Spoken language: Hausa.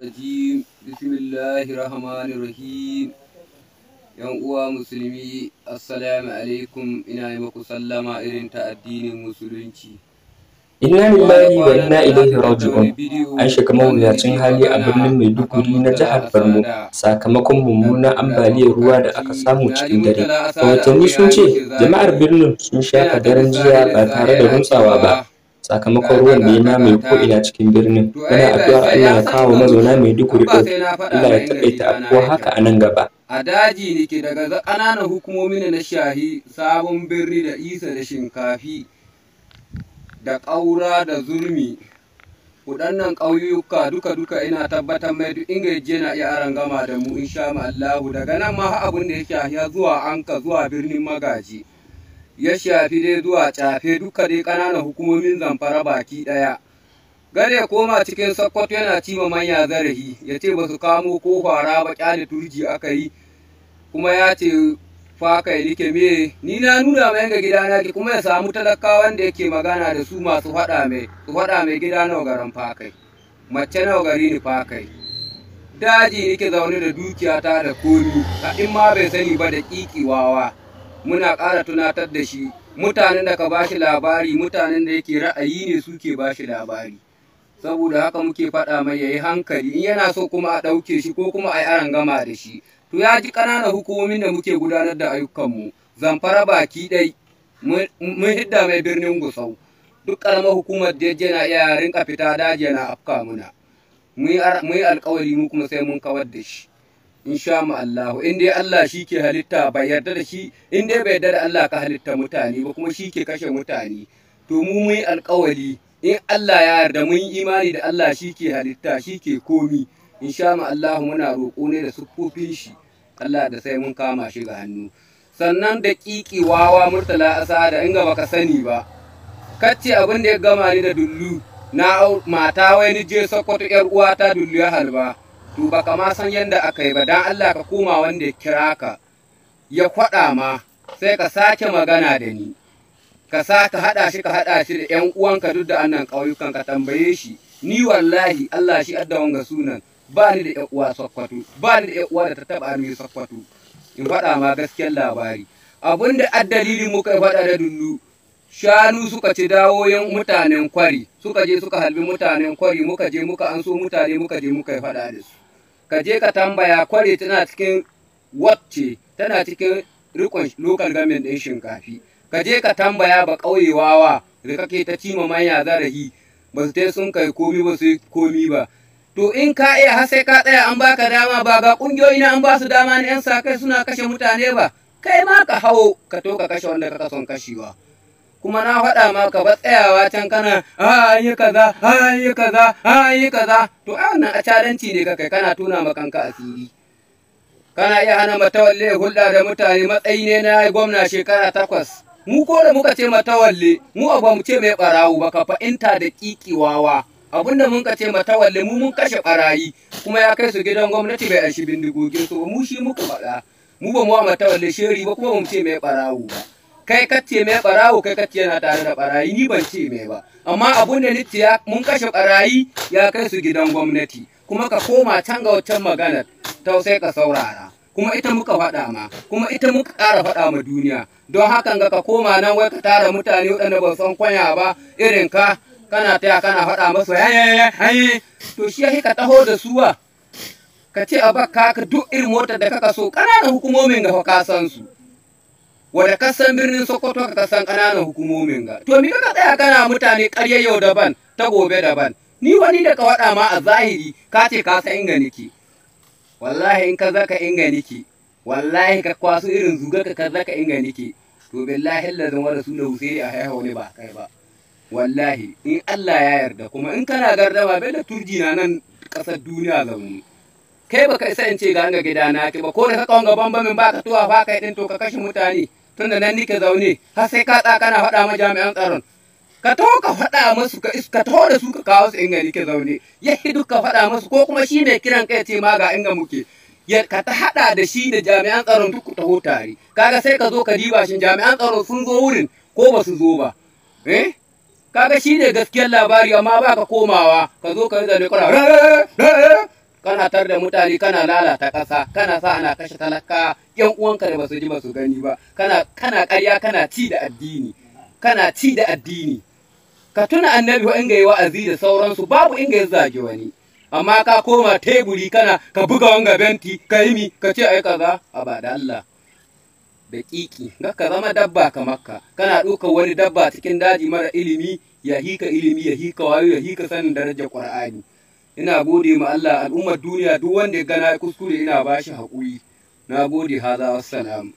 rajim bismillahir rahmanir rahim yan uwa musulmi assalamu alaikum ina yi irin ta addinin musulunci inna lillahi wa inna ilaihi raji'un an shiga mawuyacin hali a birnin maiduguri na jihar borno sakamakon mummunan ambaliyar ruwa da aka samu cikin dare rahotanni sun ce jama'ar birnin sun shafa daren jiya ba tare da rutsawa ba sakamakon ruwan da ya mamaye ko ina cikin birnin muna addu'a Allah ya kawo mazauna mai duk ɗauki Allah ya taƙaita ko haka a nan gaba a daji ne ke daga ƙananan hukumomin na shahi sabon birni da isa da shinkafi da ƙaura da zurmi waɗannan ƙauyuka duka duka ina tabbatar mai duk inga je na iya arangama da mu insha Allah daga nan ma abun da ya shahi zuwa anka zuwa birnin magaji ya shafi dai zuwa cafe duka dai ƙananan hukumomin zamfara baki ɗaya. Gare ya koma cikin Sokoto yana ci ma manya zarafi ya ce ba su kamo ko fara ba ƙyale turji aka yi kuma ya ce faka ya like me ni na nuna mai ga gidana ki kuma ya samu talakawa da yake magana da su masu faɗa mai su faɗa mai gida nawa garin fakai mace nawa gari ni fakai daji nake zaune da dukiya ta da komi in ma bai sani ba da ƙiƙiwawa muna ƙara tunatar da shi mutanen da ka ba shi labari mutanen da yake ra'ayi ne suke ba shi labari saboda haka muke faɗa mai yayi hankali in yana so kuma a ɗauke shi ko kuma a yi gama da shi to ya ji ƙananan hukumomin da muke gudanar da ayyukanmu zamfara baki ɗai mun hidda mai birnin gusau duk ƙaramar hukumar da na iya rinka fita daji yana afka muna mu yi alƙawari mu kuma sai mun kawar da shi in sha Allah in dai Allah shi ke halitta bai yarda da shi in dai bai yarda da Allah ka halitta mutane ba kuma shi ke kashe mutane to mu mun alƙawari in Allah ya yarda mun imani da Allah shi ke halitta shi ke komi in sha Allah muna roƙo ne da siffofin shi Allah da sai mun kama shi ga hannu sannan da ƙiƙi wawa murtala asada in ga baka sani ba kacce abin da ya gama ni da dullu na mata wai ni je sokoto yar uwata dullu ya halba to ba kama san yadda aka yi ba dan Allah ka koma wanda ya kira ka ya kwaɗa ma sai ka sake magana da ni ka sa ka haɗa shi ka haɗa shi da ‘yan uwanka duk da annan ƙauyukan ka tambaye shi ni wallahi Allah shi adda wanga sunan ba ni da uwa sakkwato ba ni da uwa da ta taɓa ni sakkwato in faɗa ma gaskiyar labari abin da addalilin muka faɗa da dundu shanu suka ci dawoyin mutanen kwari suka je suka halbi mutanen kwari muka je muka an so mutane muka je muka yi faɗa da su ka je ka tambaya kwari tana cikin wacce tana cikin rikon lokal gamin ɗin shinkafi ka je ka tambaya ba ƙauyewa wa da kake ta cima manya zarafi ba su sun kai komi ba su yi komi ba to in ka iya har sai ka tsaya an baka dama ba ga ƙungiyoyi na an ba su dama na 'yan sa kai suna kashe mutane ba kai ma ka hau ka to ka kashe wanda kaka son kashewa. kuma na faɗa ma ka ba tsayawa can kana ayi kaza ayi kaza ayi kaza to a wannan a ne ka kai kana tuna ma kanka asiri kana iya hana matawalle hulɗa da mutane matsayi ne na gwamna shekara takwas mu ko da muka ce matawalle mu a ba mu ce mai barawo ba ka fa'inta da kikiwawa abin da mun ka ce matawalle mu mun kashe barayi kuma ya kai su gidan gwamnati bai anshi bindigogin su mu shi muka faɗa mu ba mu a matawalle sheri ba kuma mu ce mai barawo ba kai kacce mai barawo kai kacce na tare da barayi ni ban ce mai ba amma abun da nitti ya mun kashe barayi ya kai su gidan gwamnati kuma ka koma can ga wancan maganar sai ka saurara kuma ita muka faɗa ma kuma ita muka ƙara faɗa ma duniya don hakan ga ka koma nan wai ka tara mutane waɗanda ba san kwanya ba irin ka kana taya kana faɗa masu hayaye to shi yake ka taho da suwa ka ce a baka ka duk irin motar da kaka so ƙananan hukumomin ga ka san su wadda kasan birnin Sokoto ka kasan ƙananan hukumomin ga. To mika ka tsaya kana mutane karya yau daban ta gobe daban. Ni wani da ka waɗa ma a zahiri ka ce ka san inga niki. Wallahi in ka zaka inga niki. Wallahi ka kwaso irin zuga ka zaka inga niki. To billahi lazan wala suna wuse a haihu wani ba kai ba. Wallahi in Allah ya yarda kuma in kana gardama bai da turji na nan ƙasar duniya zaune. Kai baka isa in ce ga gida na ki ba ko da ka kawo gaban bamin ka tuwa ba ka yi ɗin to ka kashe mutane. tunda nan nike zaune har sai ka tsaka kana faɗa ma jami'an tsaron ka taho ka faɗa musu ka iska taho da su ka kawo su inga nike zaune ya hidu ka faɗa masu ko kuma shi mai kiran kai ce ma ga inga muke ka ta haɗa da shi da jami'an tsaron duk taho tare kaga sai ka zo ka diba shin jami'an tsaron sun zo wurin ko ba su zo ba eh kaga shi ne gaskiyar labari amma baka komawa ka zo ka yi zane kwara kana tar da mutane kana lalata ƙasa kana sa ana kashe talaka yan uwanka da basu ji basu gani ba kana kana ƙarya kana ci da addini kana ci da addini ka tuna annabi wa inga yi wa'azi da sauransu babu inga ya zage wani amma ka koma teburi kana ka buga wanga benti ka yi mi ka ce ai kaza a ba da Allah daƙiƙi ga ka zama dabba ka makka kana ɗaukar wani dabba cikin daji mara ilimi ya hika ilimi ya hika wayo ya hika sanin darajar qur'ani ina gode ma Allah al'ummar duniya duk wanda ya gana kuskure ina bashi haƙuri na gode haza wassalamu